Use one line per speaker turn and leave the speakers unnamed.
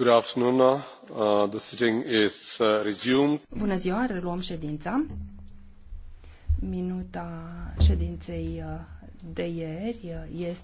Uh, uh, uh, Bună
ziua, reluăm ședința. Minuta ședinței de ieri este